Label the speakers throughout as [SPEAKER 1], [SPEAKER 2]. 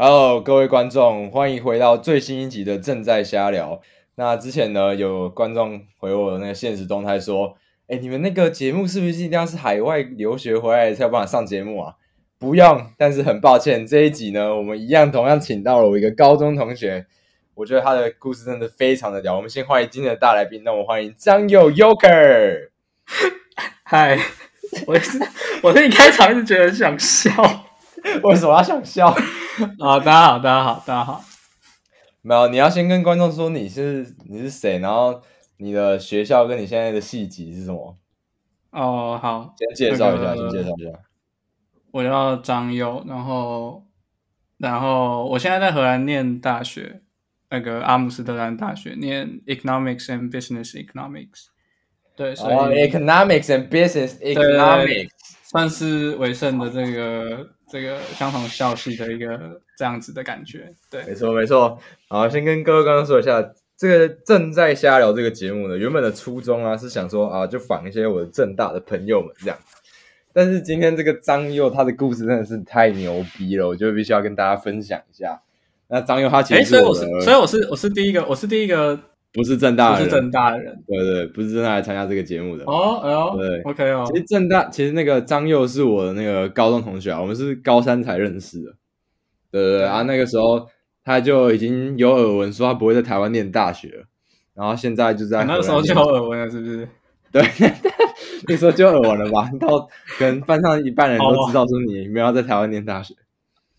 [SPEAKER 1] 哈嘍各位觀眾，歡迎回到最新一集的正在瞎聊。那之前呢，有觀眾回我的那個限時動態說：“哎、欸，你們那個節目是不是一定要是海外留學回來才有辦法上節目啊？”不用，但是很抱歉，這一集呢，我們一樣同樣請到了我一個高中同學。我覺得他的故事真的非常的屌。我們先歡迎今天的大來賓，那我歡迎張佑 Yoker。嗨、 就是，我我這一開場就覺得想笑。 為什麼要想笑？好、 oh, 大家好，大家好，大家好。沒有，你要先跟觀眾說你是你是誰，然後你的學校跟你現在的系級是什麼？哦，oh, 好，
[SPEAKER 2] 先介紹一下，那個、先介紹一下。呃、我叫張優，然後然後我現在在荷蘭念大學，那個阿姆斯特丹大學念 Economics and Business Economics。對，所以、哦、oh，Economics and Business Economics 算是為盛的這個。Oh. 這
[SPEAKER 1] 個相同校系的一個這樣子的感覺，對，沒錯沒錯。好，先跟各位剛剛說一下，這個正在瞎聊這個節目呢，原本的初衷啊是想說啊，就訪一些我的政大的朋友們這樣。但是今天這個張佑他的故事真的是太牛逼了，我就必須要跟大家分享一下。那張佑他其實，哎，所以我是，所以我是，我是第一個，我是第一個。不是正大，是正大的人，對對，不是正大來參加這個節目的
[SPEAKER 2] 哦，對，OK 哦。其
[SPEAKER 1] 實正大，其實那個張佑是我的那個高中同學，我們是高三才認識的，對對對啊，那個時候他就已經有耳聞說他不會在台灣念大學，然後現在就在那個時候就耳聞了，是不是？對，那時候就耳聞了吧，到跟班上一半人都知道說你沒有在台灣念大學，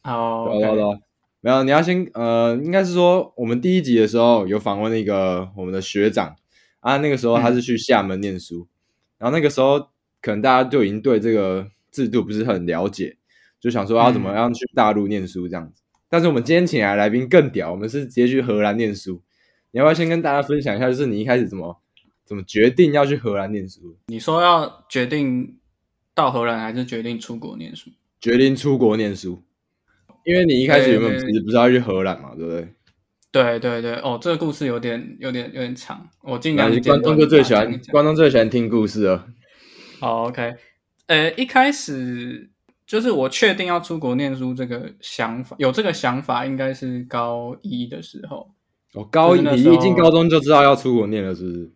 [SPEAKER 2] 哦，好多。
[SPEAKER 1] 沒有，你要先呃，應該是說我們第一集的時候有訪問那個我們的學長啊，那個時候他是去廈門念書，嗯、然後那個時候可能大家就已經對這個制度不是很了解，就想說啊怎麼樣去大陸念書這樣子。嗯、但是我們今天請來的來賓更屌，我們是直接去荷蘭念書。你要不要先跟大家分享一下，就是你一開始怎麼怎麼決定要去荷蘭念書？你說要決定到荷蘭，還是決定出國念書？決定出國念書。
[SPEAKER 2] 因為你一開始有沒有你
[SPEAKER 1] 不是要去荷蘭嘛，okay, 對不對？對
[SPEAKER 2] 對對，哦，這個故事有點有點有點長，我盡量關。關東哥最喜歡
[SPEAKER 1] 關東最喜歡聽故事
[SPEAKER 2] 啊。Oh, OK，呃，一開始就是我確定要出國念書這個想法，有這個想法應該是高一的時候。
[SPEAKER 1] 我、哦、高一，你一進高中就知道要出國唸了，是不是？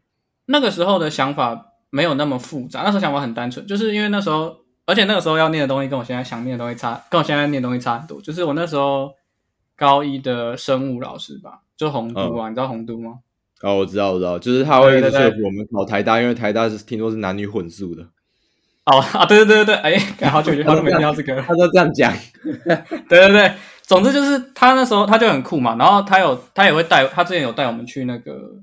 [SPEAKER 2] 那個時候的想法沒有那麼複雜，那時候想法很單純，就是因為那時候。而且那個時候要念的東西跟我現在想念的東西差，跟我現在念的東西差很多。就是我那時候高一的生物老師吧，就洪都啊，嗯、你知道洪都嗎？
[SPEAKER 1] 哦，我知道，我知道，就是他會一直說服我們考台大，對對對，因為台大是聽說是男女混宿的。哦啊，對對對對對，覺、欸、好久好久他他沒聽到這個，他就這樣講， 對對對，總之就是他那時候他就很酷嘛，然後他有他也
[SPEAKER 2] 會帶，他之前有帶我們去那個。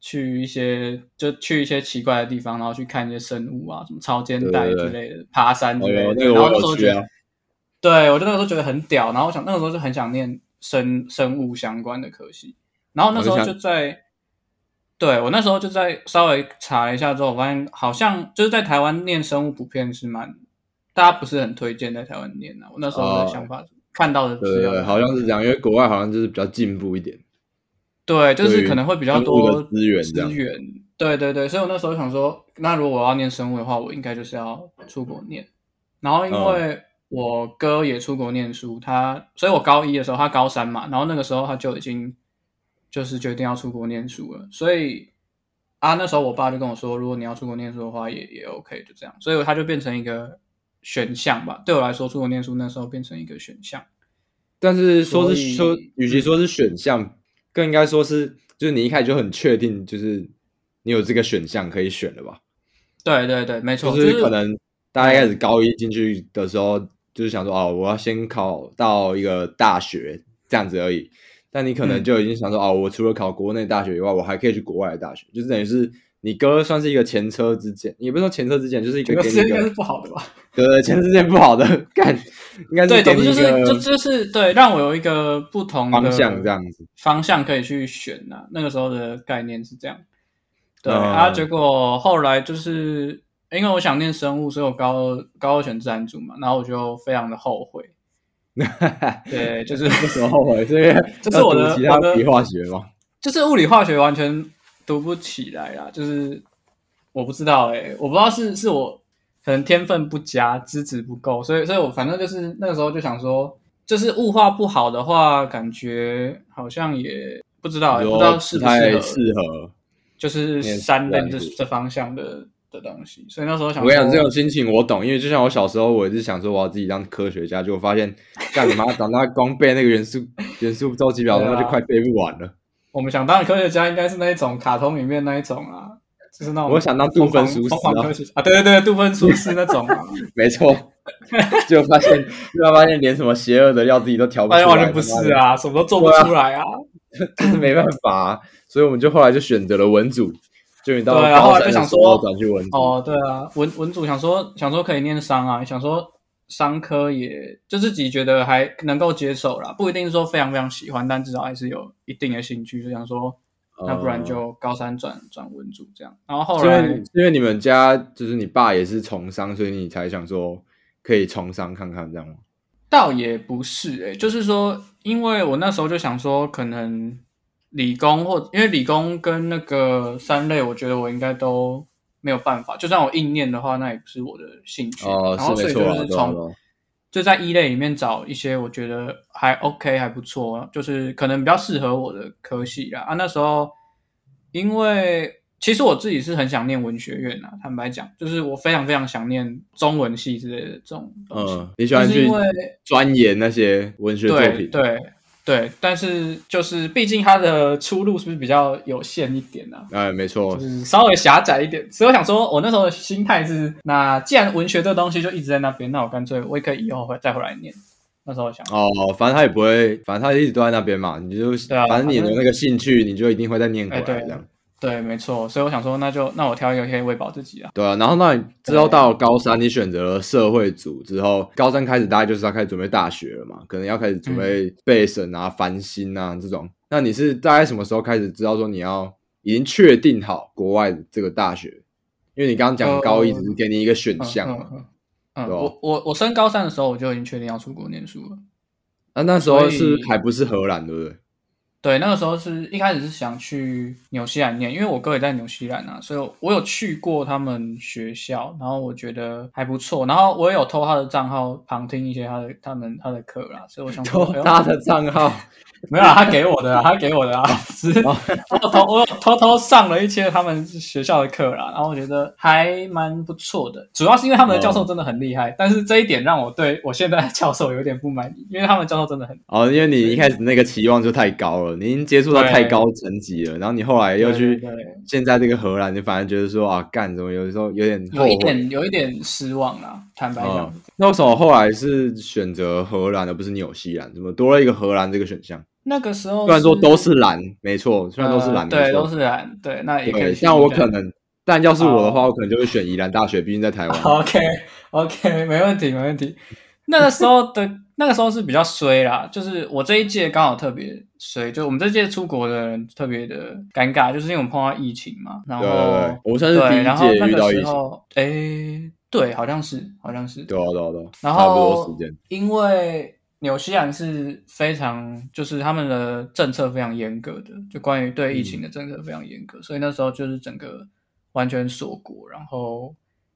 [SPEAKER 2] 去一些就去一些奇怪的地方，然後去看一些生物啊，什麼潮間帶之類的，對對對，爬山之類的。對，對，對，我那時候覺得，我啊、對我就那個時候覺得很屌。然後我想，那個時候就很想念生生物相關的科系。然後那時候就在，像對我那時候就在稍微查了一下之後，我發現好像就是在台灣念生物普遍是蠻，大家不是很推薦在台灣念的、啊。我那時候的想法是、
[SPEAKER 1] 哦、看到的是，對，對對，好像是這樣，因為國外好像就是比較進步一點。對，就是可能會比較多資源，資
[SPEAKER 2] 源，對對對，所以我那時候想說，那如果我要念生物的話，我應該就是要出國念。然後因為我哥也出國念書，他，所以我高一的時候，他高三嘛，然後那個時候他就已經就是決定要出國念書了。所以啊，那時候我爸就跟我說，如果你要出國念書的話，也也 OK，就這樣。所以他就變成一個選項吧，對我來說，出國念書那時候變成一個選項。
[SPEAKER 1] 但是說是說，以與其說是選項。更應該說是，就是你一開始就很確定，就是你有這個選項可以選了吧？
[SPEAKER 2] 對對對，沒錯。就是可能
[SPEAKER 1] 大家開始高一進去的時候，嗯、就是想說哦，我要先考到一個大學這樣子而已。但你可能就已經想說、嗯、哦，我除了考國內大學以外，我還可以去國外的大學。就是等於是你哥算是一個前車之鑑，也不是說前車之鑑，就是一個給你一個。其實應該是不好的吧？對，對前全世界不好的，幹。應該是就是就就
[SPEAKER 2] 是對，讓我有一個不同的方向這樣子，方向可以去選吶、啊。那個時候的概念是這樣，
[SPEAKER 1] 對，然後、嗯、結
[SPEAKER 2] 果後來就是，因為我想念生物，所以我高二高二選自然組嘛，然後我就非常的後悔。 對，就是那時候
[SPEAKER 1] 後悔，所以這是我的。其他物理化學嘛，
[SPEAKER 2] 就是物理化學完全讀不起來啦，就是我不知道哎、欸，我不知道是是我。可能天分不佳，資質不夠，所以，所以我反正就是那個時候就想說，就是物化不好的話，感覺好像也不知道、欸，也有不知道適不適合，合就是三類這這方向的的東西。所以那時候想我，我跟你講，這種心
[SPEAKER 1] 情我懂，因為就像我小時候，我一直想說我要自己當科學家，結果發現，幹你媽，長大光背那個元素 元素周期表，那、啊、就快背不完了。
[SPEAKER 2] 我們想當的科學家，應該是那一種卡通裡面那一種啊。我想當杜芬廚師訪啊，對
[SPEAKER 1] 對對，杜芬廚師那種、啊， 沒錯，就發現，就發現連什麼邪惡的料自己都調不出來，完全 不是啊， 什麼都做不出來啊，啊就是、沒辦法、啊， 所以我們就後來就選擇了文組，就你到文、啊、後來就想說轉去文，哦，
[SPEAKER 2] 對啊，文文組想說想說可以念商啊，想說商科也就自己覺得還能夠接受啦，不一定是說非常非常喜歡，但至少還是有一定的興趣，就想說。那不然就高三轉轉文組這樣，然後後來因
[SPEAKER 1] 為，因為你們家就是你爸也是從商，所以你才想說可以從商看看這樣嗎？
[SPEAKER 2] 倒也不是、欸、就是說，因為我那時候就想說，可能理工或因為理工跟那個三類，我覺得我應該都沒有辦法。就算我硬念的話，那也不是我的興趣。哦，是沒錯，然後所以就是從。就在一類裡面找一些我覺得還 OK 還不錯，就是可能比較適合我的科系啊。啊，那時候因為其實我自己是很想念文學院啦，坦白講，就是我非常非常想念中文系之類的這種
[SPEAKER 1] 東西。嗯，你喜歡去鑽研那些文學作品？對。對
[SPEAKER 2] 對，但是就是畢竟它的出路是不是比較有限一點呢？啊？
[SPEAKER 1] 哎，沒錯，就是
[SPEAKER 2] 稍微狹窄一點。所以我想說，我那時候的心態是，那既然文學這東西就一直在那邊，那我乾脆我也可以以後再回來念。那時候
[SPEAKER 1] 我想哦，反正他也不會，反正他一直都在那邊嘛。你就、啊、反正你的那個興趣，你就一定會再念過來，哎對啊，這
[SPEAKER 2] 樣。對，沒錯，所以我想說，那就那我挑一個可以餵
[SPEAKER 1] 飽自己啊。對啊，然後那你之後到高三，你選擇了社會組之後，對高三開始大概就是要開始準備大學了嘛？可能要開始準備備審啊、繁星、嗯、啊這種。那你是大概什麼時候開始知道說你要已經確定好國外這個大學？因為你剛剛講高一只是給你一個選項嘛。嗯啊，嗯嗯對
[SPEAKER 2] 吧我我我升高三的時候，我就已經確定要出國念
[SPEAKER 1] 書了。那、啊、那時候是，是還不是荷蘭，對不對？
[SPEAKER 2] 對，那個時候是一開始是想去紐西蘭念，因為我哥也在紐西蘭啊，所以我有去過他們學校，然後我覺得還不錯，然後我也有偷他的賬號旁聽一些他的他們他的課啦，所以我想偷他的賬號 沒有啊，他給我的、啊，他給我的啊，是、哦，我偷 偷偷上了一些他們學校的課啦，然後我覺得還蠻不錯的，主要是因為他們的教授真的很厲害，嗯、但是這一點讓我對我現在的教授有點不滿意，因為他們的教授真的很
[SPEAKER 1] 厲害哦，因為你一開始那個期望就太高了，你已經接觸到太高層級了，對然後你後來又去對對對現在這個荷蘭，你反而覺得說啊幹什麼，有的時候有點有一點
[SPEAKER 2] 有一點失望啦，坦白講、嗯，
[SPEAKER 1] 那為什麼後來是選擇荷蘭的，不是紐西蘭？怎麼多了一個荷蘭這個選項？
[SPEAKER 2] 那個時候雖然說都是
[SPEAKER 1] 藍，沒錯，雖然都是藍，對，都是
[SPEAKER 2] 藍，對，那也可以。像我可能，
[SPEAKER 1] 但要是我的話，我可能就會選宜蘭大學，畢竟在台灣。OK，OK，
[SPEAKER 2] 沒問題，沒問題。那個時候的，那個時候是比較衰啦，就是我這一屆剛好特別衰，就我們這屆出國的人特別的尷尬，就是因為我們碰到疫情嘛。然後，我算是第一屆遇到疫情。對，然後那個時候，哎，對，好像是，
[SPEAKER 1] 好像是。對對對。然後，差不多時間。
[SPEAKER 2] 因為。紐西蘭是非常，就是他們的政策非常嚴格的，就關於對疫情的政策非常嚴格，嗯、所以那時候就是整個完全鎖國，然後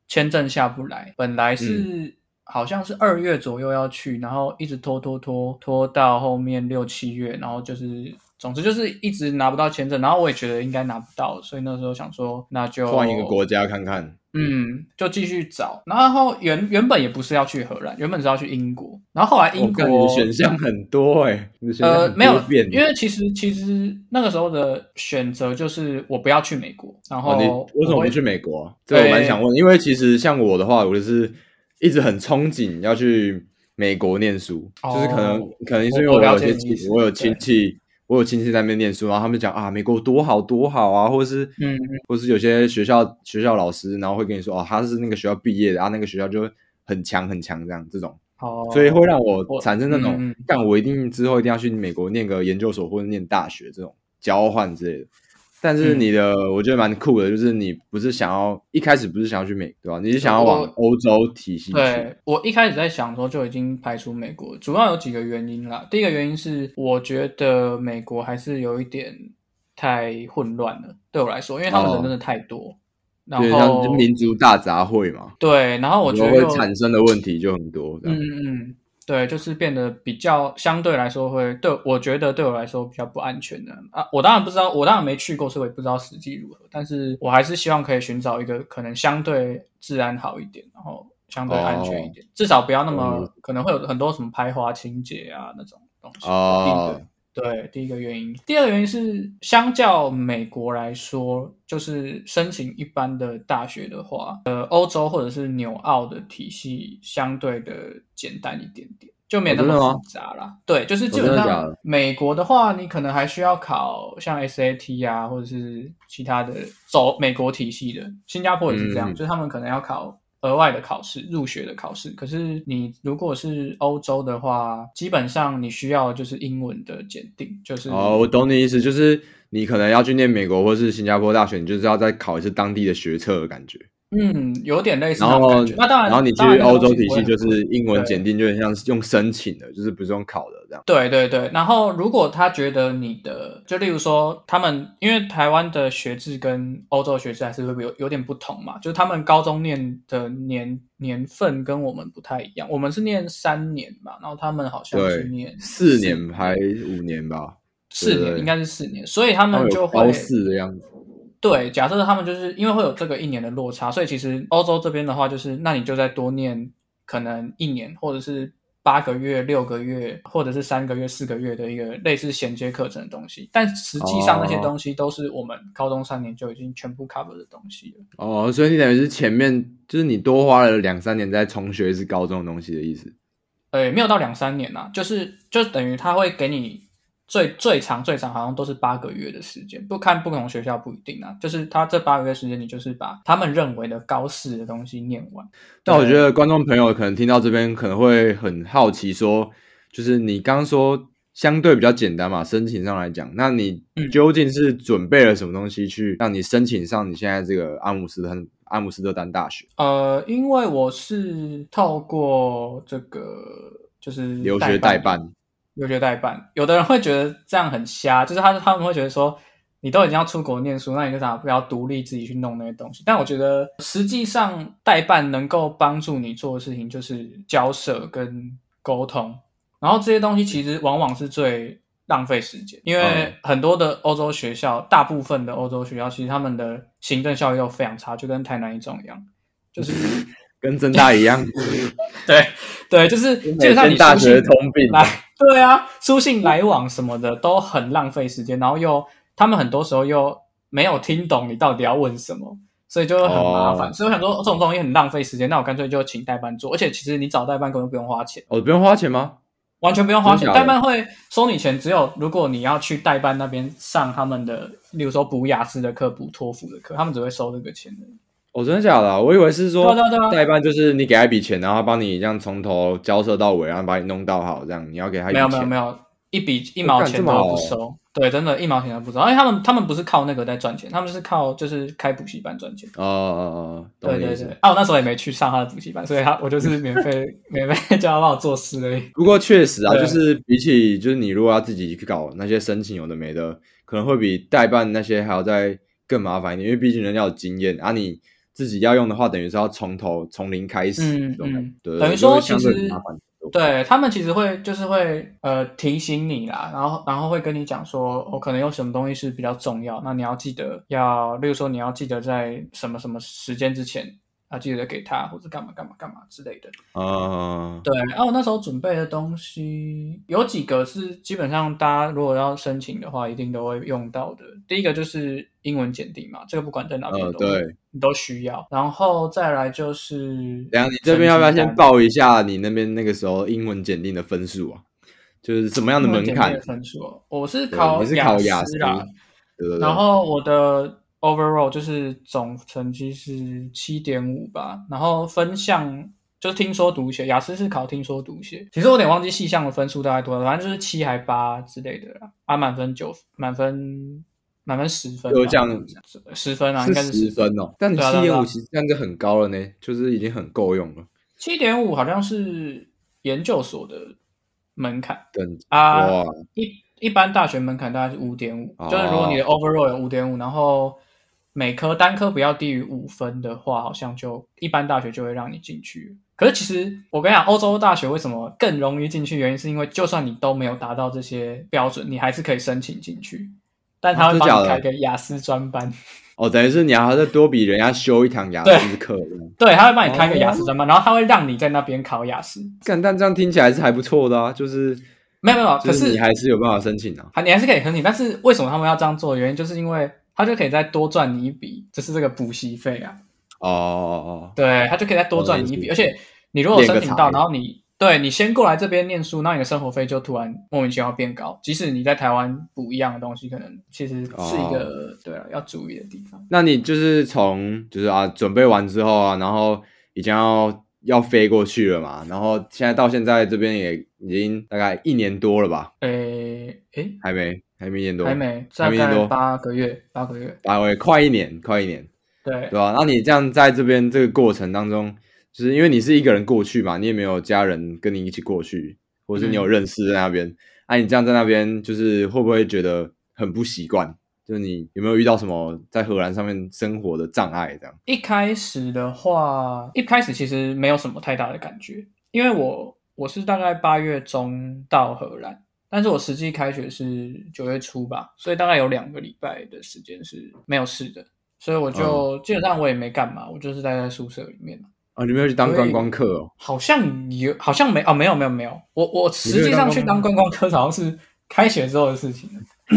[SPEAKER 2] 簽證下不來。本來是、嗯、好像是二月左右要去，然後一直拖拖拖拖到後面六七月，然後就是。總之就是一直拿不到簽證，然後我也覺得應該拿不到，所以那時候想說，那
[SPEAKER 1] 就換一個國家看看。
[SPEAKER 2] 嗯，就繼續找。然後原原本也不是要去荷蘭，原本是要去英國。然後後來英國，國選項
[SPEAKER 1] 很多哎、欸，呃，多呃，沒有，因
[SPEAKER 2] 為其實其實那個時候的選擇就是我不要去美國。然後我你為什麼不去
[SPEAKER 1] 美國、啊？對我蠻想問，因為其實像我的話，我就是一直很憧憬要去美國念書，哦、就是可能可能是因為我有些我，我，我有親戚。我有親戚在那邊念書，然後他們講啊，美國多好多好啊，或者是，嗯，或是有些學校學校老師，然後會跟你說哦，啊，他是那個學校畢業的啊，那個學校就很強很強這樣，這種，哦，所以會讓我產生那種，但，哦，嗯，我一定之後一定要去美國念個研究所或者念大學這種交換之類的。但是你的，嗯、我覺得蠻酷的，就是你不是想要一開始不是想要去美國，你是想要往歐洲體系去，哦。
[SPEAKER 2] 對，我一開始在想的時候，就已經排除美國，主要有幾個原因啦。第一個原因是我覺得美國還是有一點太混亂了，對我來說，因為他們人真的太多，哦、然後對
[SPEAKER 1] 民族大雜燴嘛。對，然後我覺得會產生的問題就很多。嗯嗯。
[SPEAKER 2] 嗯對，就是變得比較相對來說會對，我覺得對我來說比較不安全的啊。我當然不知道，我當然沒去過，所以我也不知道實際如何。但是我還是希望可以尋找一個可能相對治安好一點，然後相對安全一點，哦、至少不要那麼、嗯、可能會有很多什麼排華情結啊，那種
[SPEAKER 1] 東西。哦定對
[SPEAKER 2] 對，第一個原因，第二個原因是，相較美國來說，就是申請一般的大學的話，呃，歐洲或者是紐澳的體系相對的簡單一點點，就免得那麼複雜啦。對，就是基本上的的美國的話，你可能還需要考像 SAT 啊，或者是其他的走美國體系的。新加坡也是這樣，嗯嗯就是他們可能要考。額外的考試，入學的考試。可是你如果是歐洲的話，基本上你需要就是英文的檢定。就是。哦，我
[SPEAKER 1] 懂你的意思，就是你可能要去念美國或是新加坡大學，你就是要再考一次當地的學測的感覺。
[SPEAKER 2] 嗯，有點類似的感覺。然後那當然，然後你去歐洲體系就是英文檢
[SPEAKER 1] 定，就是像用申請的，對就是不是用考的這樣。
[SPEAKER 2] 對對對。然後如果他覺得你的，就例如說他們，因為台灣的學制跟歐洲學制還是會有有點不同嘛，就是他們高中念的年年份跟我們不太一樣，我們是念三年嘛，然後他們好像是念四，
[SPEAKER 1] 四年還五年吧，四年應該是四年，
[SPEAKER 2] 所以他們就會對，假設他們就是因為會有這個一年的落差，所以其實歐洲這邊的話，就是那你就再多念可能一年，或者是八個月、六個月，或者是三個月、四個月的一個類似銜接課程的東西。但實際上那些東西都是我們高中三年就已經全部 cover 的東西。哦，
[SPEAKER 1] 哦，所以你等於是前面就是你多花了兩三年在重學一次高中的東西的意思？
[SPEAKER 2] 呃，沒有到兩三年啦，啊，就是就等於他會給你。最最長最長好像都是八個月的時間，不看不同學校不一定啊。就是他這八個月時間，你就是把他們認為的高四的東西念完。嗯。
[SPEAKER 1] 但我覺得觀眾朋友可能聽到這邊可能會很好奇說，說就是你剛剛說相對比較簡單嘛，申請上來講，那你究竟是準備了什麼東西去讓你申請上你現在這個阿姆斯特丹，阿姆斯特丹大學？
[SPEAKER 2] 呃，因為我是透過這個就是
[SPEAKER 1] 留學代辦。
[SPEAKER 2] 留學代辦，有的人會覺得這樣很瞎，就是他他們會覺得說，你都已經要出國念書，那你為啥不要獨立自己去弄那些東西。但我覺得實際上代辦能夠幫助你做的事情，就是交涉跟溝通。然後這些東西其實往往是最浪費時間，因為很多的歐洲學校，嗯、大部分的歐洲學校其實他們的行政效率都非常差，就跟台南一
[SPEAKER 1] 中一樣，就是跟成大一樣， 對
[SPEAKER 2] 對，就是天天基本上你大學的通病。對啊，書信來往什麼的都很浪費時間，然後又他們很多時候又沒有聽懂你到底要問什麼，所以就很麻煩。Oh, right. 所以很多這種東西很浪費時間，那我乾脆就請代辦做。而且其實你找代辦根本不用花錢
[SPEAKER 1] 哦，oh, 不用花錢嗎？
[SPEAKER 2] 完全不用花錢，代辦會收你錢。只有如果你要去代辦那邊上他們的，例如說補雅思的課、補托福的課，他們只會收這個錢的。
[SPEAKER 1] 我、哦、真的假的、啊？我以為是說代辦就是你給他一筆錢，對對對，然後幫你這樣從頭交涉到尾，然後把你弄到好這樣。你要給他一筆錢？沒有沒有沒有，
[SPEAKER 2] 一筆一毛錢都不收，哦、對，真的，一毛錢都不收。而且他們他們不是靠那個在賺錢，他們是靠就是開補習班賺錢。
[SPEAKER 1] 哦哦哦，哦對對對。
[SPEAKER 2] 啊，我那時候也沒去上他的補習班，所以他我就是免費 免費叫他幫我做事
[SPEAKER 1] 而已。不過確實啊，就是比起就是你如果要自己去搞那些申請有的沒的，可能會比代辦那些還要再更麻煩一點，因為畢竟人家有經驗啊，你。自己要用的話，等於是要從頭從零開始，嗯、對、嗯，等於說其實對
[SPEAKER 2] 他們其實會就是會呃提醒你啦，然後然後會跟你講說，我、哦、可能有什麼東西是比較重要，那你要記得要，例如說你要記得在什麼什麼時間之前。啊，記得給他，或者幹嘛幹嘛幹嘛之類的。
[SPEAKER 1] 哦，對，然
[SPEAKER 2] 後，啊，我那時候準備的東西有幾個是基本上大家如果要申請的話，一定都會用到的。第一個就是英文檢定嘛，這個不管在哪裡，哦，對，你都需要。然後再來就是，梁，你這邊要不要先
[SPEAKER 1] 報一下你那邊那個時候英文檢定的分數啊？就是什麼樣的門檻
[SPEAKER 2] 分數，啊？我是考，我是考雅思，對
[SPEAKER 1] 對對，然
[SPEAKER 2] 後我的。Overall 就是總成績是七點五吧，然後分項就是聽說讀寫，雅思是考聽說讀寫。其實我有點忘記細項的分數大概多少，反正就是七還八之類的啦。啊，滿分九，滿分滿分十分。就這樣，十分啊，分喔、應該是十分哦。但你七點五其實這樣
[SPEAKER 1] 就很高了呢，就是已經很夠用了。
[SPEAKER 2] 七點五好像是研究所的門
[SPEAKER 1] 檻啊，一
[SPEAKER 2] 一般大學門檻大概是五點五，就是如果你的 Overall 有五點五，然後。每科單科不要低於五分的話，好像就一般大學就會讓你進去。可是其實我跟你講，歐洲大學為什麼更容易進去，原因是因為就算你都沒有達到這些標準，你還是可以申請進去。但他會幫你開個雅思專班。
[SPEAKER 1] 啊。哦，等於是你要再多比人家修一堂雅思課。
[SPEAKER 2] 對，他會幫你開個雅思專班，然後他會讓你在那邊考雅思。
[SPEAKER 1] 但、哦、但這樣聽起來是還不錯的啊，就是沒有沒有，可是，是你還是有辦法申請
[SPEAKER 2] 啊。你還是可以申請，但是為什麼他們要這樣做？原因就是因為。他就可以再多賺你一筆，就是這個補習費啊。
[SPEAKER 1] 哦哦哦，對，他就可以再多賺你一筆，oh, that s 而
[SPEAKER 2] 且你如果申請到，個然後你對你先過來這邊念書，那你的生活費就突然莫名其妙變高。即使你在台灣補一樣的東西，可能其實是一個、oh, 對，要注意的地方。
[SPEAKER 1] 那你就是從就是啊準備完之後啊，然後已經要要飛過去了嘛，然後現在到現在這邊也已經大概一年多了吧？
[SPEAKER 2] 誒誒、欸，
[SPEAKER 1] 欸、還沒。還沒一年多，還沒，還沒一年多八
[SPEAKER 2] 個月，八個月，
[SPEAKER 1] 八個月快一年，快一年，對，對吧？那你這樣在這邊這個過程當中，就是因為你是一個人過去嘛，你也沒有家人跟你一起過去，或者是你有認識在那邊，那、嗯啊、你這樣在那邊就是會不會覺得很不習慣？就是你有沒有遇到什麼在荷蘭上面生活的障礙？這樣，
[SPEAKER 2] 一開始的話，一開始其實沒有什麼太大的感覺，因為我我是大概八月中到荷蘭。但是我實際開學是九月初吧，所以大概有兩個禮拜的時間是沒有事的，所以我就基本上我也沒幹嘛，我就是待在宿舍裡面。啊，
[SPEAKER 1] 你沒有去當觀光客哦？
[SPEAKER 2] 好像有，好像沒哦，沒有，沒有，沒有。我我實際上去當觀光客，好像是開學之後的事情。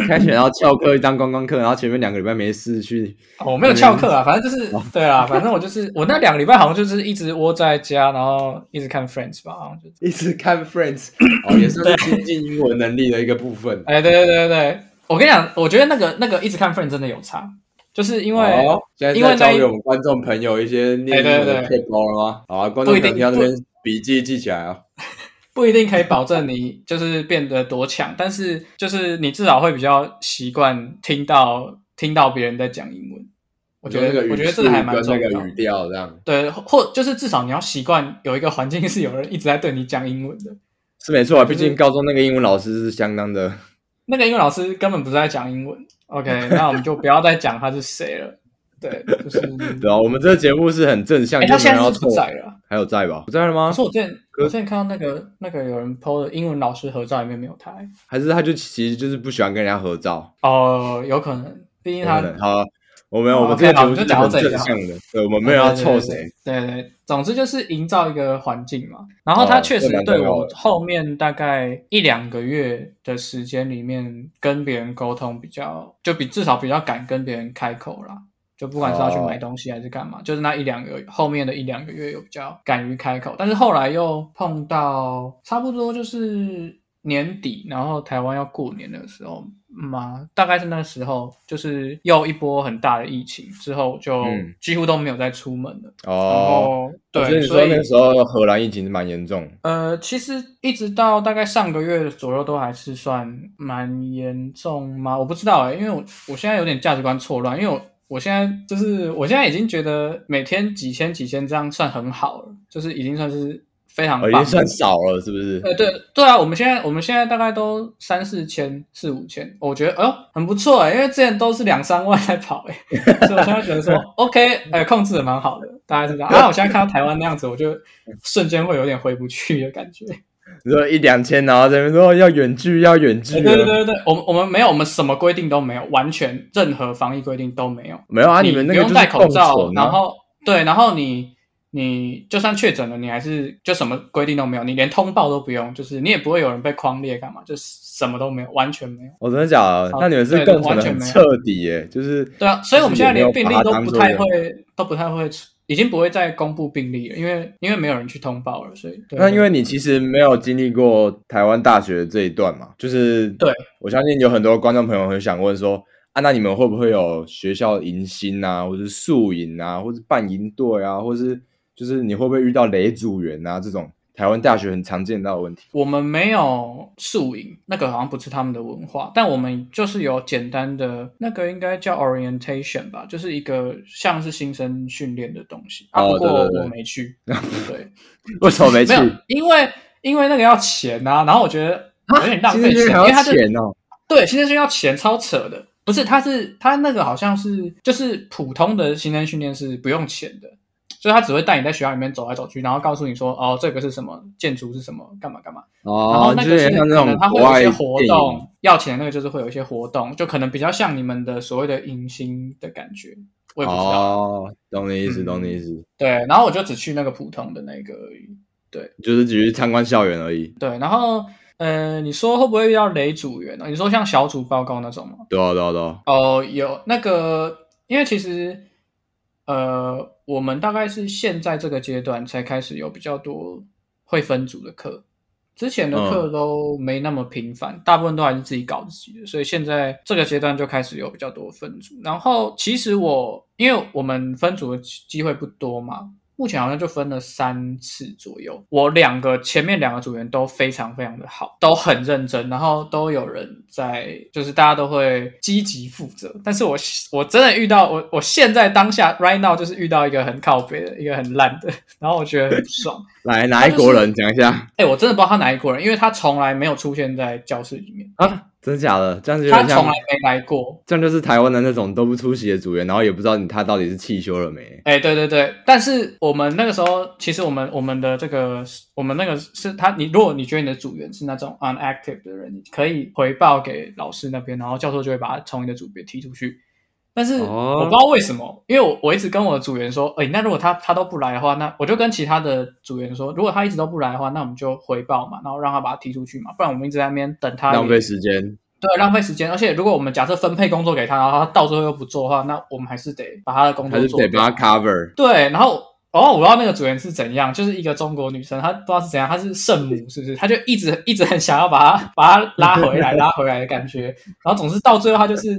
[SPEAKER 1] 開學然後翹課當觀光客。然後前面兩個禮拜沒事去。我、哦、沒有翹課啊，反正就是、哦、
[SPEAKER 2] 對啊，反正我就是我那兩個禮拜好像就是一直窩在家，然後一直看 Friends 吧，好像就是、一直看 Friends
[SPEAKER 1] 哦，也是精進英文能力的一個部分。
[SPEAKER 2] 哎，對對對對，我跟你講，我覺得那個那個一直看 Friends 真的有差，就是因為、哦、現在在教給我
[SPEAKER 1] 們觀眾朋友一些念念的 k e 了嗎？哎、對對對，好啊，觀眾朋友這邊筆記記起來啊、哦。
[SPEAKER 2] 不一定可以保證你就是變得多強， 但是就是你至少會比較習慣聽到聽到別人在講英文。我覺得這個語我覺得
[SPEAKER 1] 這個還蠻重要
[SPEAKER 2] 的。對，或就是至少你要習慣有一個環境是有人一直在對你講英文的。
[SPEAKER 1] 是沒錯，對畢竟高中那個英文老師是相當的。
[SPEAKER 2] 那個英文老師根本不是在講英文。 OK，那我們就不要再講他是誰了。對，
[SPEAKER 1] 就是對啊，我們這個節目是很正向的。他現在是不在了，還有在吧？不在了嗎？是我見
[SPEAKER 2] 我現在看到那個那個有人 PO 的英文老師合照，裡面沒有他。
[SPEAKER 1] 還是他就其實就是不喜歡跟人家合照？哦，有可能，畢竟他好，我們我們太久，我們是正向的，對，我們沒有要湊誰。
[SPEAKER 2] 對對，總之就是營造一個環境嘛。然後他確實對我後面大概一兩個月的時間裡面，跟別人溝通比較，就比至少比較敢跟別人開口啦。就不管是要去買東西還是幹嘛，oh. 就是那一兩個後面的一兩個月又比較敢於開口，但是後來又碰到差不多就是年底，然後台灣要過年的時候嘛、嗯啊，大概是那時候，就是又一波很大的疫情之後，就幾乎都沒有再出門
[SPEAKER 1] 了。哦，對，所以說那時候荷蘭疫情蠻嚴重？
[SPEAKER 2] 呃，其實一直到大概上個月左右都還是算蠻嚴重嗎？我不知道哎、欸，因為我我現在有點價值觀錯亂，因為我。我現在就是，我現在已經覺得每天幾千幾千這樣算很好了，就是已經算是非常、哦，已經算
[SPEAKER 1] 少了，是不是？
[SPEAKER 2] 呃，對對啊，我們現在我們現在大概都三四千四五千，我覺得，呃、哦、很不錯哎，因為之前都是兩三萬在跑哎，所以我現在覺得說 ，OK，哎，控制的蠻好的，大概是這樣。啊，我現在看到台灣那樣子，我就瞬間會有點回不去的感覺。
[SPEAKER 1] 你說一兩千，然後這邊說要遠距，要遠距。對、欸、對對
[SPEAKER 2] 對，我們我們沒有，我們什麼規定都沒有，完全任何防疫規定都沒有。沒有啊，你們那個就是不用戴口罩，然後對，然後你你就算確診了，你還是就什麼規定都沒有，你連通報都不用，就是你也不會有人被匡列幹嘛？就是、什麼都沒有，完全沒有。
[SPEAKER 1] 我只能講了，那你們是更、欸就是、對對對完全沒有徹底耶，就是對啊，所以我們現在連病例都不太會，
[SPEAKER 2] 都不太會出。已經不會再公布病例了，因為因為沒有人去通報了，所以對，那因
[SPEAKER 1] 為你其實沒有經歷過台灣大學這一段嘛，就是對我相信有很多觀眾朋友很想問說啊，那你們會不會有學校迎新啊，或者是宿營啊，或者是辦營隊啊，或者是就是你會不會遇到雷組員啊這種？台灣大學很常見到的問題，我
[SPEAKER 2] 們沒有宿營，那個好像不是他們的文化，但我們就是有簡單的那個應該叫 orientation 吧，就是一個像是新生訓練的東西、哦、啊。不過我沒去，對，對，對，對，對 為什麼沒去？沒有，因為因為那個要錢吶、啊，然後我覺得有點浪費錢，啊、因為錢哦，啊、對，新生訓練要錢，超扯的，不是，他是他那個好像是就是普通的新生訓練是不用錢的。所以他只會帶你在學校裡面走來走去，然後告訴你說：“哦，這個是什麼建築？是什麼幹嘛幹嘛？”哦，
[SPEAKER 1] 然後那個是就是像那種他會有一些活動，
[SPEAKER 2] 要錢那個就是會有一些活動，就可能比較像你們的所謂的迎新的感覺。我也不知道
[SPEAKER 1] 哦，懂你的意思，嗯、懂你的意思。
[SPEAKER 2] 對，然後我就只去那個普通的那個而已，
[SPEAKER 1] 對，就是只是參觀校園而已。對，
[SPEAKER 2] 然後，嗯、呃，你說會不會遇到雷組員呢？你說像小組報告那種嗎？
[SPEAKER 1] 對啊，對啊，對啊。
[SPEAKER 2] 哦，有那個，因為其實。呃，我們大概是現在這個階段才開始有比較多會分組的課，之前的課都沒那麼頻繁，嗯、大部分都還是自己搞自己的，所以現在這個階段就開始有比較多分組。然後其實我，因為我們分組的機會不多嘛。目前好像就分了三次左右，我兩個前面兩個組員都非常非常的好，都很認真，然後都有人在，就是大家都會積極負責。但是我我真的遇到我我現在當下 right now 就是遇到一個很靠北的，一個很爛的，然後我覺得很爽。
[SPEAKER 1] 來哪一國人講、就是、一下？
[SPEAKER 2] 哎、欸，我真的不知道他哪一國人，因為他從來沒有出現在教室裡面
[SPEAKER 1] 啊，真假的？這樣子，像他從來
[SPEAKER 2] 沒來過，
[SPEAKER 1] 這樣就是台灣的那種都不出席的組員，然後也不知道你他到底是棄修了沒？哎、欸，對對對，但
[SPEAKER 2] 是我們那個時候，其實我們我們的這個我們那個是他，你如果你覺得你的組員是那種 unactive 的人，你可以回報給老師那邊，然後教授就會把他從你的組別踢出去。但是我不知道為什麼，哦、因為我我一直跟我的組員說，哎、欸，那如果他他都不來的話，那我就跟其他的組員說，如果他一直都不來的話，那我們就回報嘛，然後讓他把他踢出去嘛，不然我們一直在那邊等他浪費時間。對，浪費時間。而且如果我們假設分配工作給他，然後他到最後又不做的話，那我們還是得把他的工作還是得幫
[SPEAKER 1] 他 cover。
[SPEAKER 2] 對，然後，哦，我知道那個組員是怎樣，就是一個中國女生，她不知道是怎樣，她是聖母是不是？她就一直一直很想要把他把他拉回來， 拉回來的感覺。然後總是到最後，她就是。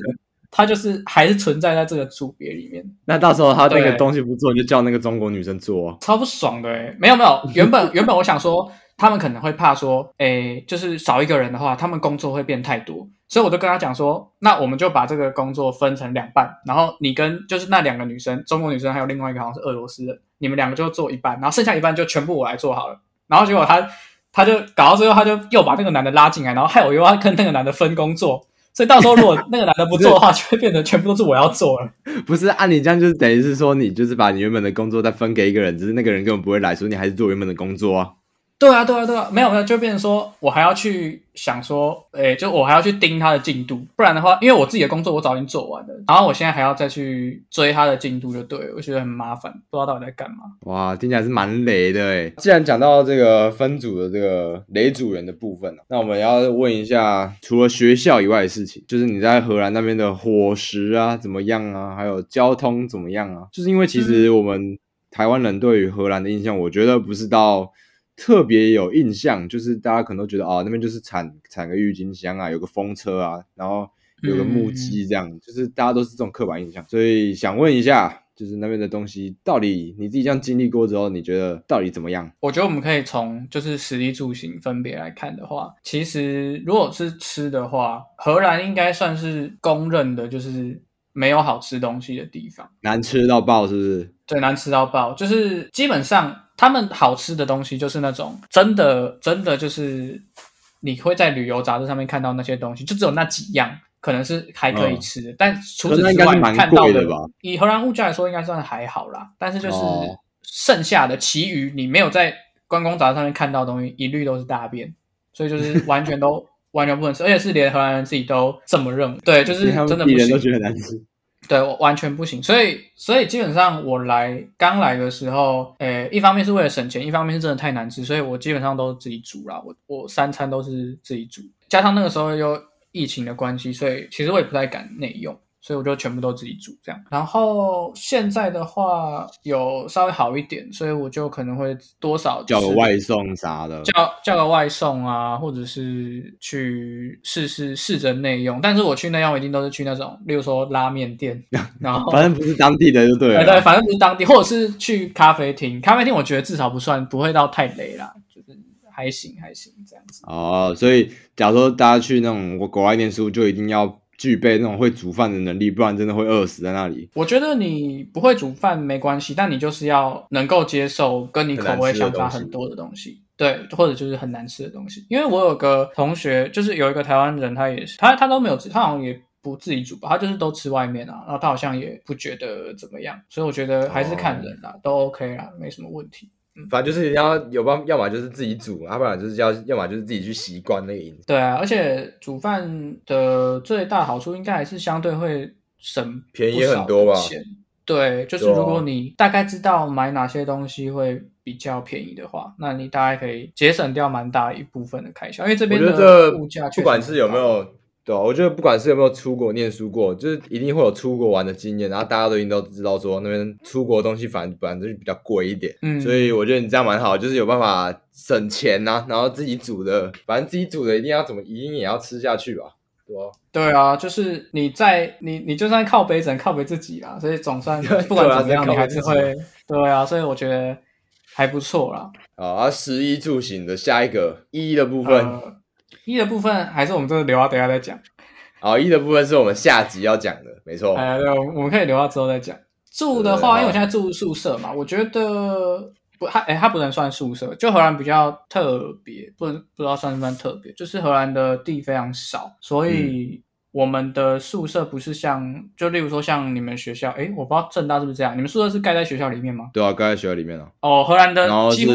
[SPEAKER 2] 他就是還是存在在這個組別裡面。那到時候他那個東
[SPEAKER 1] 西不做，你就叫那個中國女生做。哦，
[SPEAKER 2] 超不爽的。欸，沒有沒有。原本原本我想說， 他們可能會怕說，哎、欸，就是少一個人的話，他們工作會變太多。所以我就跟他講說，那我們就把這個工作分成兩半，然後你跟就是那兩個女生，中國女生還有另外一個好像是俄羅斯的，你們兩個就做一半，然後剩下一半就全部我來做好了。然後結果他他就搞到最後，他就又把那個男的拉進來，然後害我又要跟那個男的分工作。所以到時候如果那個男的不做的話，
[SPEAKER 1] 就會變成全部都是我要做了。 不是按、啊、你這樣就是等於是說，你就是把你原本的工作再分給一個人，只、就是那個人根本不會來說，所以你還是做原本的工作啊。
[SPEAKER 2] 對啊，對啊，對啊，沒有沒有，就變成說我還要去想說，誒、欸，就我還要去盯他的進度，不然的話，因為我自己的工作我早已經做完了，然後我現在還要再去追他的進度，就對，我覺得很麻煩，不知道到底在幹
[SPEAKER 1] 嘛。哇，聽起來是蠻雷的誒。既然講到這個分組的這個雷組員的部分、啊、那我們要問一下，除了學校以外的事情，就是你在荷蘭那邊的伙食啊怎麼樣啊，還有交通怎麼樣啊？就是因為其實我們、嗯、台灣人對於荷蘭的印象，我覺得不是到。特別有印象，就是大家可能都覺得啊、哦，那邊就是產產個鬱金香啊，有個風車啊，然後有個木屐這樣，嗯、就是大家都是這種刻板印象。所以想問一下，就是那邊的東西到底，你自己這樣經歷過之後，你覺得到底怎麼樣？
[SPEAKER 2] 我覺得我們可以從就是食衣住行分別來看的話，其實如果是吃的話，荷蘭應該算是公認的就是沒有好吃東西的地方，
[SPEAKER 1] 難吃到爆，是
[SPEAKER 2] 不是？對，難吃到爆，就是基本上。他們好吃的東西就是那種真的真的就是你會在旅遊雜誌上面看到那些東西，就只有那幾樣，可能是還可以吃的，哦、但除此之外。可是那應該是蠻貴的吧？看到的吧。以荷蘭物價來說，應該算還好啦。但是就是剩下的其餘、哦、你沒有在觀光雜誌上面看到的東西，一律都是大便，所以就是完全都 完全不能吃，而且是連荷蘭人自己都這麼認為。對，就是真的不行。有人都覺得難吃。對，我完全不行，所以所以基本上我來，剛來的時候，誒、呃，一方面是為了省錢，一方面是真的太難吃，所以我基本上都自己煮啦。我我三餐都是自己煮，加上那個時候又疫情的關係，所以其實我也不太敢內用。所以我就全部都自己煮這樣，然後現在的話有稍微好一點，所以我就可能會多少叫，叫個外
[SPEAKER 1] 送啥的，叫
[SPEAKER 2] 叫個外送啊，或者是去試試試着內用。但是我去內用，我一定都是去那種，例如說拉麵店，然後 反正不是
[SPEAKER 1] 當地的就對了，哎、對，反
[SPEAKER 2] 正不是當地，或者是去咖啡廳。咖啡廳我覺得至少不算，不會到太累啦，就是還行還行這樣
[SPEAKER 1] 子。哦，所以假如說大家去那種國外念書，就一定要具備那種會煮飯的能力，不然真的會餓死在那裡。
[SPEAKER 2] 我覺得你不會煮飯沒關係，但你就是要
[SPEAKER 1] 能夠接受跟你口味相差很
[SPEAKER 2] 多的東西，東西，對，或者就是很難吃的東西。因為我有個同學，就是有一個台灣人，他也是，他他都沒有吃，他好像也不自己煮吧，他就是都吃外面啊，然後他好像也不覺得怎麼樣，所以我覺得還是看人啦，哦、都 OK
[SPEAKER 1] 啦，沒什麼問題。反正就是你要有辦法，要麼就是自己煮，要、啊、不然就是要，要麼就是自己去習慣那個飲食。對啊，
[SPEAKER 2] 而且煮飯的最大好處，應該還是相對會省
[SPEAKER 1] 錢。便宜很多吧？
[SPEAKER 2] 對，就是如果你大概知道買哪些東西會比較便宜的話，啊、那你大概可以節省掉蠻大一部分的開銷。因為這邊的物價，不管是有
[SPEAKER 1] 沒有。對啊，我覺得不管是有沒有出國念書過，就是一定會有出國玩的經驗，然後大家都已經都知道說那邊出國的東西反反正就是比較貴一點，嗯，所以我覺得你這樣蠻好，就是有辦法省錢吶、啊，然後自己煮的，反正自己煮的一定要怎麼一定也要吃下去吧，對
[SPEAKER 2] 啊，對啊，就是你在你你就算靠北只能靠北自己啦，所以總算不管怎麼樣、啊、你還是會， 對啊，所以我覺得
[SPEAKER 1] 還不錯啦。好，啊，食衣住行的下一個衣，衣的部分。呃一的部分還是我們這個留到等下再講。好、哦，一的部分是我們下集要講的，沒錯、 哎，對，我，我們可以留到之後再講。
[SPEAKER 2] 住的話，的因為我現在住宿舍嘛，我覺得不，它，、欸、它不能算宿舍，就荷蘭比較特別，不能不知道算不算特別，就是荷蘭的地非常少，所以。嗯我們的宿舍不是像，就例如說像你們學校，哎、欸，我不知道政大是不是這樣。你們宿舍是蓋在學校裡面嗎？
[SPEAKER 1] 對啊，蓋在學校裡面哦。
[SPEAKER 2] 哦，荷蘭的，然後是，幾乎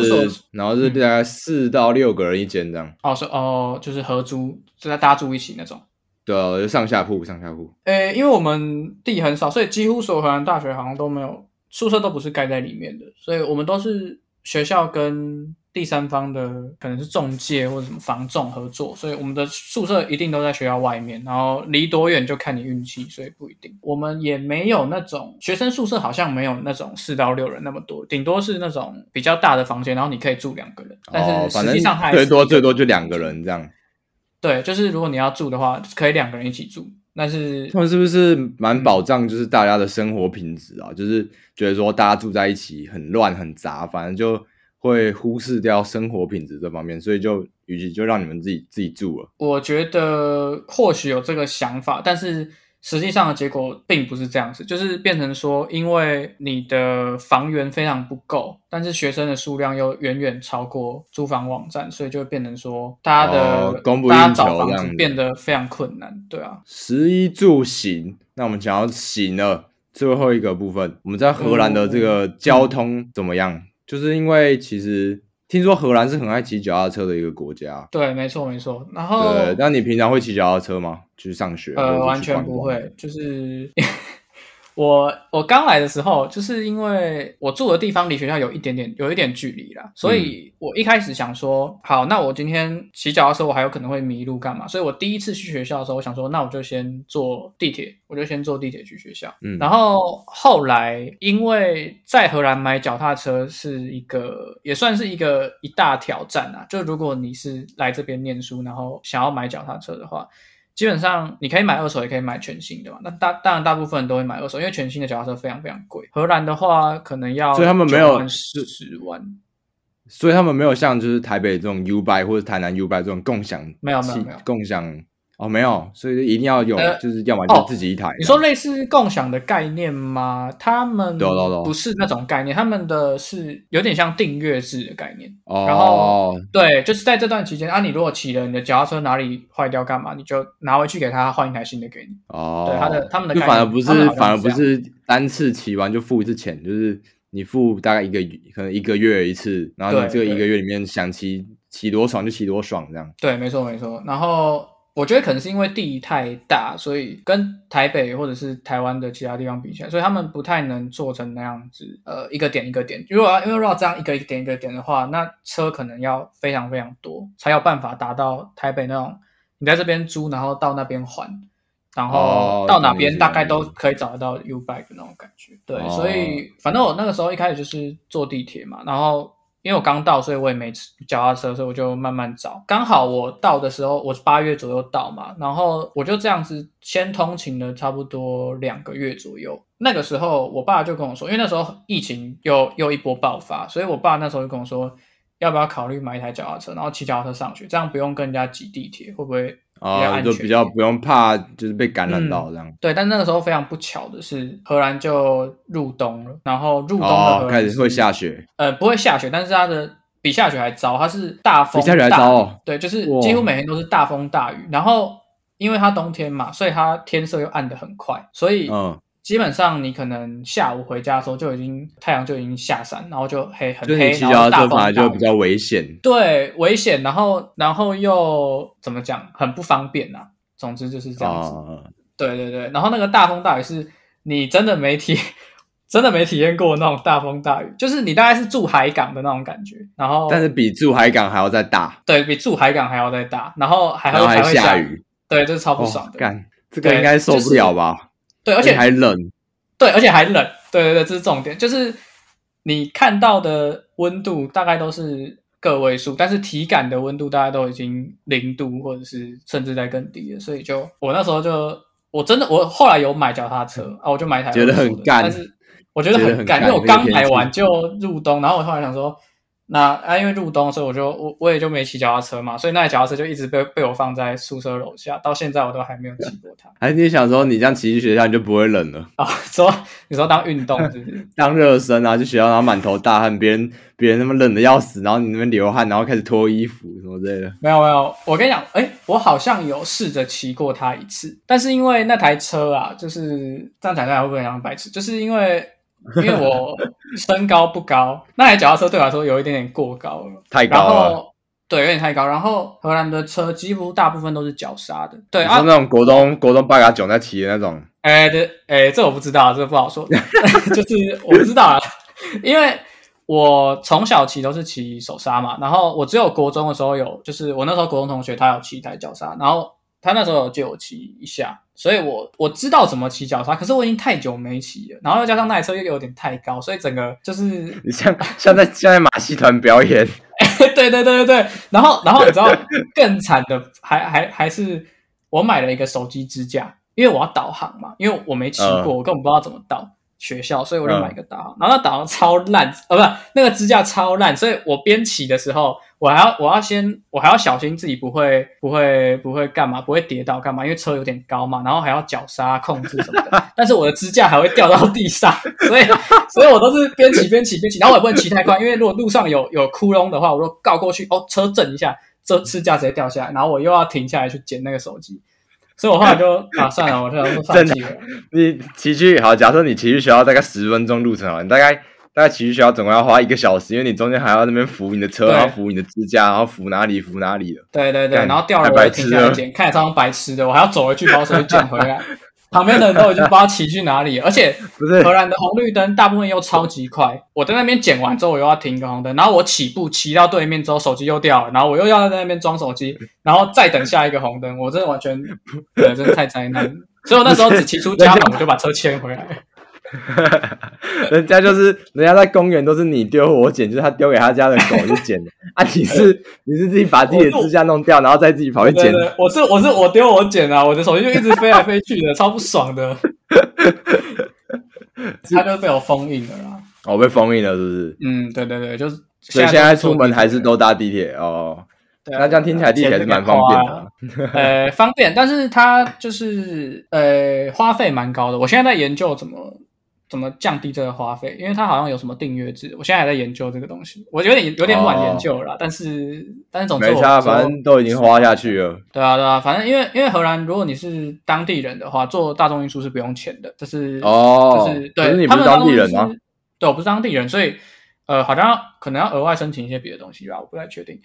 [SPEAKER 1] 然後是大概四到六個人一間這樣。
[SPEAKER 2] 嗯、哦，是哦，就是合租，是在大家住一起那種。
[SPEAKER 1] 對啊，就上下鋪，上下鋪。
[SPEAKER 2] 誒、欸，因為我們地很少，所以幾乎所有荷蘭大學好像都沒有宿舍，都不是蓋在裡面的，所以我們都是學校跟。第三方的可能是中介或者，什麼房仲合作，所以我們的宿舍一定都在學校外面，然後離多遠就看你運氣，所以不一定。我們也沒有那種學生宿舍，好像沒有那種四到六人那麼多，頂多是那種比較大的房間，然後你可以住兩個人，哦、但是實際上還最多
[SPEAKER 1] 最多就兩個人這樣。
[SPEAKER 2] 對，就是如果你要住的話，可以兩個人一起住，但是他
[SPEAKER 1] 們是不是蠻保障，就是大家的生活品質啊？嗯、就是覺得說大家住在一起很亂很雜，反正就。會忽視掉生活品質這方面，所以就與其就讓你們自己自己住了。
[SPEAKER 2] 我覺得或許有這個想法，但是實際上的結果並不是這樣子，就是變成說，因為你的房源非常不夠，但是學生的數量又遠遠超過租房網站，所以就會變成說，大家的、哦、供不應求、大家找房子變得非常困難，對啊。
[SPEAKER 1] 食衣住行，那我們講到行了，最後一個部分，我們在荷蘭的這個交通怎麼樣？嗯嗯就是因為其實聽說荷蘭是很愛騎腳踏車的一個國家，
[SPEAKER 2] 對，沒錯沒錯。然後，對，
[SPEAKER 1] 那你平常會騎腳踏車嗎？就是上學？呃，完全不會，
[SPEAKER 2] 就是。 我我剛來的時候，就是因為我住的地方離學校有一點點有一點距離啦。所以我一開始想說，好，那我今天騎腳踏車，我還有可能會迷路，幹嘛？所以我第一次去學校的時候，我想說，那我就先坐地鐵，我就先坐地鐵去學校。嗯。然後後來，因為在荷蘭買腳踏車是一個，也算是一個一大挑戰啦。就如果你是來這邊念書，然後想要買腳踏車的話。基本上你可以買二手，也可以買全新的嘛。那大當然大部分人都會買二手，因為全新的腳踏車非常非常貴。荷蘭的話可能要可能
[SPEAKER 1] 四十萬所，所以他們沒有像就是台北這種 U 拜，或者台南 U 拜這種共享，沒有沒有，沒有共享。哦，沒有，所以就一定要有，呃、就是要買自己一台。哦。你說
[SPEAKER 2] 類似共享的概念嗎？他們，不是那種概念，他們的是有點像訂閱制的概念。哦。
[SPEAKER 1] 然後，
[SPEAKER 2] 對，就是在這段期間，啊，你如果騎了你的腳踏車哪裡壞掉幹嘛，你就拿回去給他換一台新的給你。哦。對，他的他們的概念就反而不是，是反而不是
[SPEAKER 1] 單次騎完就付一次錢，就是你付大概一個可能一個月一次，然後你這個一個月裡面想騎騎多爽就騎多爽這樣。對，
[SPEAKER 2] 沒錯沒錯，然後。我覺得可能是因為地太大，所以跟台北或者是台灣的其他地方比起來，所以他們不太能做成那樣子。呃，一個點一個點，如果要因為繞這樣一個一個點一個點的話，那車可能要非常非常多，才有辦法達到台北那種你在這邊租，然後到那邊還，然後到哪邊大概都可以找得到 YouBike 那種感覺。對，所以反正我那個時候一開始就是坐地鐵嘛，然後。因為我剛到，所以我也沒腳踏車，所以我就慢慢找。剛好我到的時候，我是八月左右到嘛，然後我就這樣子先通勤了差不多兩個月左右。那個時候，我爸就跟我說，因為那時候疫情又又一波爆發，所以我爸那時候就跟我說。要不要考慮買一台腳踏車，然後騎腳踏車上學？這樣不用跟人家擠地鐵，會不會比
[SPEAKER 1] 較安全？哦、就比較不用怕就是被感染到這樣、嗯。
[SPEAKER 2] 對，但那個時候非常不巧的是，荷蘭就入冬了，然後入冬的、哦、開
[SPEAKER 1] 始會下雪，
[SPEAKER 2] 呃，不會下雪，但是它的比下雪還糟，它是大風比下雪還糟，大雨，對，就是幾乎每天都是大風大雨。哇然後因為它冬天嘛，所以它天色又暗得很快，所以嗯。基本上你可能下午回家的時候就已經太陽就已經下山，然後就黑很黑，然後大風大雨，就比
[SPEAKER 1] 較危險。
[SPEAKER 2] 對，危險，然後然後又怎麼講，很不方便吶、啊。總之就是這樣子。哦、對對對，然後那個大風大雨是，你真的沒體，真的沒體驗過那種大風大雨，就是你大概是住海港的那種感覺，然後但是
[SPEAKER 1] 比住海港還要再大，
[SPEAKER 2] 對，比住海港還要再大，然後還會還會下，還下雨，對，這、就是超不爽的。感、哦，這個應該受不了
[SPEAKER 1] 吧？對，而且，而且還冷，
[SPEAKER 2] 對，而且還冷，對對對，這是重點，就是你看到的溫度大概都是個位數，但是體感的溫度大概都已經零度或者是甚至在更低了，所以就我那時候就我真的我後來有買腳踏車啊，我就買一台，覺得很幹，但是
[SPEAKER 1] 我覺得很幹，很幹，因為我剛買完就
[SPEAKER 2] 入冬，然後我後來想說。那啊，因為入冬的時候，我就我我也就沒騎腳踏車嘛，所以那台腳踏車就一直被被我放在宿舍樓下，到現在我都還沒有騎過
[SPEAKER 1] 它。哎、啊，你想說你這樣騎去學校，你就不會冷了
[SPEAKER 2] 啊、哦？說你說當運動是不是，
[SPEAKER 1] 當熱身啊，去學校然後滿頭大汗，別人別人那麼冷的要死，然後你那邊流汗，然後開始脫衣服什麼之類的。
[SPEAKER 2] 沒有沒有，我跟你講，誒、欸、我好像有試着騎過它一次，但是因為那台車啊，就是站台上家會不會很白痴？就是因為。 因為我身高不高，那台腳踏車對我來說有一點點過高了，太高了。然後對，有點太高。然後荷蘭的車幾乎大部分都是腳剎的，對啊，是那
[SPEAKER 1] 種國中、啊、國中八嘎囧在騎的那種。哎、欸，
[SPEAKER 2] 對，哎、欸，這我不知道，這個不好說， 就是我不知道，因為我從小騎都是騎手剎嘛，然後我只有國中的時候有，就是我那時候國中同學他有騎台腳剎，然後他那時候借我騎一下。所以我，我我知道怎麼騎腳踏，可是我已經太久沒騎了，然後又加上那台車又有點太高，所以整個就是
[SPEAKER 1] 你像像在像在馬戲團表演，
[SPEAKER 2] 對 對對對對。然後，然後你知道更慘的還還還是我買了一個手機支架，因為我要導航嘛，因為我沒騎過，呃、我根本不知道怎麼導。學校，所以我就買一個導航，嗯、然後那導航超爛，呃、哦，不是那個支架超爛，所以我邊騎的時候，我還要，我要先，我還要小心自己不會，不會，不會幹嘛，不會跌倒幹嘛，因為車有點高嘛，然後還要腳剎控制什麼，的。 但是我的支架還會掉到地上，所以，所以我都是邊騎邊騎邊騎，然後我也不能騎太快，因為如果路上有有窟窿的話，我就告過去，哦，車震一下，這支架直接掉下來，然後我又要停下來去撿那個手機。所以我
[SPEAKER 1] 後來就、 啊，算了，我就放棄。你騎去好，假設你騎去學校大概十分鐘路程啊，你大概大概騎去學校總共要花一個小時，因為你中間還要那邊扶你的車，對然後扶你的支架，然後扶哪裡扶哪裡的。對
[SPEAKER 2] 對對，你然後掉了我停下來撿，看起來像白痴的，我還要走回去把我手機撿回來。 旁邊的人都已經不知道騎去哪裡了，而且不是荷蘭的紅綠燈，大部分又超級快。我在那邊撿完之後，我又要停一個紅燈，然後我起步騎到對面之後，手機又掉了，然後我又要在那邊裝手機，然後再等下一個紅燈。我真的完全，真的太災難了。所以我那時候只騎出家門，是我就把車牽回來。
[SPEAKER 1] 哈哈， 人家就是，人家在公園都是你丟我撿，就是他丟給他家的狗就撿的。 啊，你是你是自己把自己的支架弄掉，是然後再自己跑去撿？
[SPEAKER 2] 我是我是我丟我撿啊，我的手機就一直飛來飛去的， 超不爽的。是他就是被我封印了
[SPEAKER 1] 啦。哦，被封印了是不
[SPEAKER 2] 是？嗯，對對對，就，就
[SPEAKER 1] 是。所以現在出門還是都搭地鐵哦？對啊，那這樣聽起來地鐵還是蠻方便的，啊啊。呃，
[SPEAKER 2] 方便，但是他就是呃花費蠻高的。我現在在研究怎麼，怎麼降低這個花費？因為它好像有什麼訂閱制，我現在還在研究這個東西，我有點有點晚研究了啦。哦、但是但是總之，沒差，反正
[SPEAKER 1] 都已經花下去了。
[SPEAKER 2] 對啊對啊，反正因為因為荷蘭，如果你是當地人的話，做大眾運輸是不用錢的，這是哦，這、就是對。可是你不是當地人嗎、啊？對，我不是當地人，所以呃，好像可能要額外申請一些別的東西吧，我不太確定。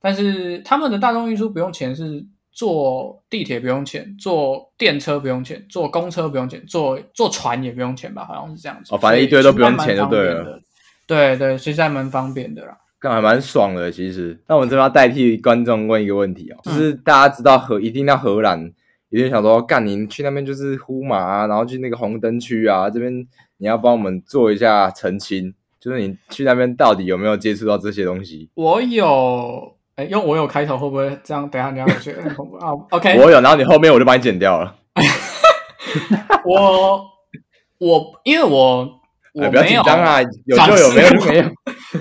[SPEAKER 2] 但是他們的大眾運輸不用錢是。坐地鐵不用錢，坐電車不用錢，坐公車不用錢，坐坐船也不用錢吧，好像是這樣子。哦，反正一堆都不用錢就對了。對，對對，其實還蠻方便的啦。
[SPEAKER 1] 感還蠻爽的，其實。那我們這邊要代替觀眾問一個問題哦、喔，嗯、就是大家知道荷，一定要荷蘭，一定想說，幹你去那邊就是呼馬、啊，然後去那個紅燈區啊，這邊你要幫我們做一下澄清，就是你去那邊到底有沒有接觸到這些東西？
[SPEAKER 2] 我有。哎、欸，用我有開頭會不會這樣？等下你要去，很恐怖啊！OK，我有，
[SPEAKER 1] 然後你後面我就把你剪掉了。
[SPEAKER 2] 我我因為我、哎、
[SPEAKER 1] 呀我沒有啊，有就有，沒有試沒有，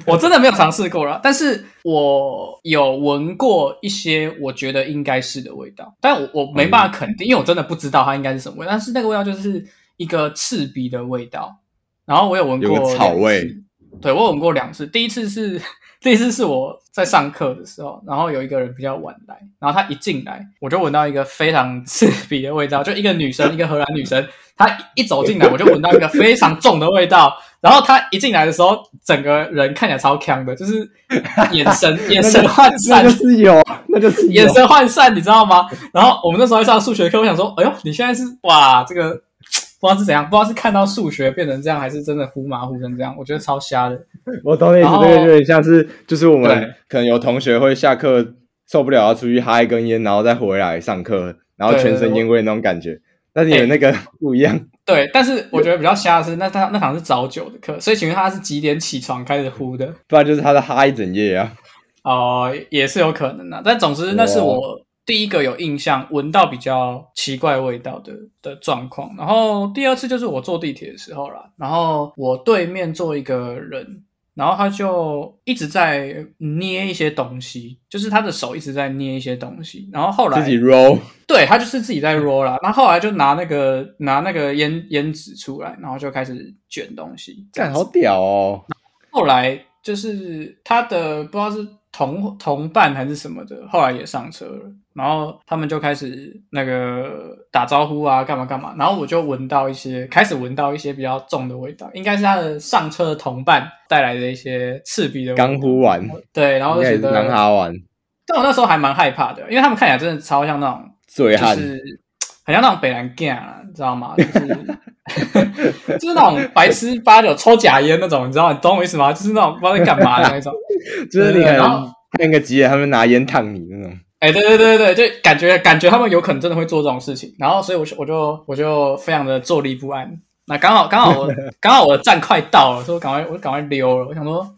[SPEAKER 2] 我真的沒有嘗試過啦， 但是我有聞過一些我覺得應該是的味道，但我我沒辦法肯定，嗯、因為我真的不知道它應該是什麼味道。但是那個味道就是一個刺鼻的味道。然後我有聞過有個草味，對，我有聞過兩次，第一次是。第一次是我在上課的時候，然後有一個人比較晚來，然後他一進來，我就聞到一個非常刺鼻的味道，就一個女生，一個荷蘭女生，她一走進來，我就聞到一個非常重的味道。然後她一進來的時候，整個人看起來超強的，就是哈哈眼神眼神渙散，那就
[SPEAKER 1] 是有，那就是有眼神渙
[SPEAKER 2] 散，你知道嗎？然後我們那時候上數學課，我想說，哎呦，你現在是哇，這個。不知道是怎樣，不知道是看到數學變成這樣，還是真的呼麻呼成這樣？我覺得超瞎的。
[SPEAKER 1] 我懂你意思，那個對對後，像是，就是我們可能有同學會下課受不了，要出去嗨一根煙，然後再回來上課，然後全身煙味那種感覺。對對對，但是你有那個不、欸、一樣。
[SPEAKER 2] 對，但是我覺得比較瞎的是，那他那好像是早九的課，所以請問他是幾點起床開始呼
[SPEAKER 1] 的？不然就是他在嗨一整夜啊。
[SPEAKER 2] 哦、呃，也是有可能的、啊。但總之，那是我。第一個有印象聞到比較奇怪味道的的狀況，然後第二次就是我坐地鐵的時候啦。然後我對面坐一個人，然後他就一直在捏一些東西，就是他的手一直在捏一些東西。然後後來自己 roll，對，他就是自己在 roll 啦。然後後來就拿那個拿那個煙煙紙出來，然後就開始卷東西。這樣子。幹，好
[SPEAKER 1] 屌哦！然後
[SPEAKER 2] 後來就是他的不知道是。同同伴還是什麼的，後來也上車了，然後他們就開始那個打招呼啊，幹嘛幹嘛，然後我就聞到一些，開始聞到一些比較重的味道，應該是他的上車的同伴帶來的一些
[SPEAKER 1] 刺鼻的味道。剛呼完，
[SPEAKER 2] 對，然後就覺得蠻好玩，但我那時候還蠻害怕的，因為他們看起來真的超像那種，最憨就是很像那種北南 gang 你知道嗎？就是。 就是那種白痴八九抽假煙那種，你知道嗎？你懂我意思嗎？就是那種不知道在幹嘛的那種， 就是
[SPEAKER 1] 你那後個急，野他們拿煙燙你那種。
[SPEAKER 2] 哎，對對對對對，就感覺感覺他們有可能真的會做這種事情。然後，所以我就我就我就非常的坐立不安。那剛好剛好我剛好我的站快到了，所以趕快我就趕快溜了。我想說。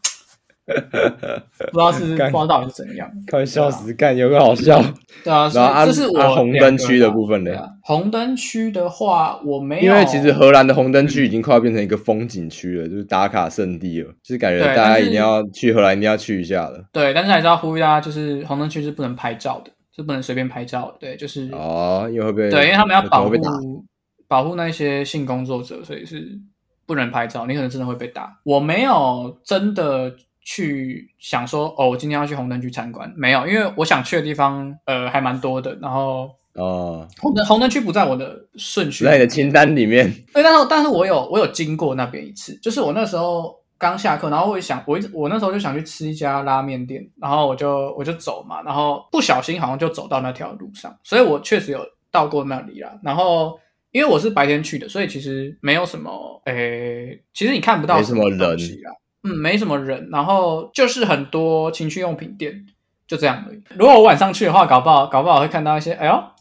[SPEAKER 2] 不知道是不知道到底是怎樣，
[SPEAKER 1] 快笑死！幹有個好笑，
[SPEAKER 2] 對啊，然後這是我紅燈區的
[SPEAKER 1] 部分呢。
[SPEAKER 2] 紅燈區的話，我沒有，因為其實荷
[SPEAKER 1] 蘭的紅燈區已經快要變成一個風景區了，就是打卡聖地了，就是感覺大家一定要去荷蘭，一定要去一下了。
[SPEAKER 2] 對，但是還是要呼籲大家，就是紅燈區是不能拍照的，是不能隨便拍照的。對，就是哦，
[SPEAKER 1] 因為會被對，因為他們要保護
[SPEAKER 2] 保護那些性工作者，所以是不能拍照。你可能真的會被打。我沒有真的。去想說哦，我今天要去紅燈區參觀，沒有，因為我想去的地方呃還蠻多的。然後
[SPEAKER 1] 哦，
[SPEAKER 2] 紅燈紅燈區不在我的
[SPEAKER 1] 順序，在你的清單裡面。
[SPEAKER 2] 對，但是但是我有我有經過那邊一次，就是我那時候剛下課，然後會想我一直我那時候就想去吃一家拉麵店，然後我就我就走嘛，然後不小心好像就走到那條路上，所以我確實有到過那裡啦。然後因為我是白天去的，所以其實沒有什麼誒、欸，其實你看不到沒什麼人啦。嗯，沒什麼人，然後就是很多情趣用品店，就這樣而已。如果我晚上去的話，搞不好，搞不好會看到一些，哎呦。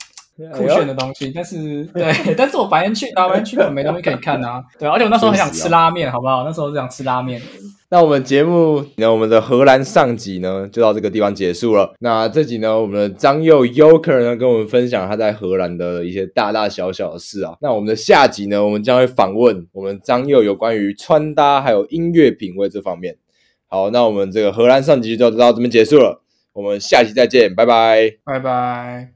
[SPEAKER 2] 酷炫的東西，但是對，但是我白天去，白天去了沒東西可以看吶、啊。對，而且我那時候很想吃拉麵，啊、好不好？那時候只想吃拉麵。
[SPEAKER 1] 那我們節目那我們的荷蘭上集呢，就到這個地方結束了。那這集呢，我們的張佑 Yoker 呢跟我們分享他在荷蘭的一些大大小小的事啊。那我們的下集呢，我們將會訪問我們張佑有關於穿搭還有音樂品味這方面。好，那我們這個荷蘭上集就到這邊結束了，我們下集再見，拜拜，拜拜。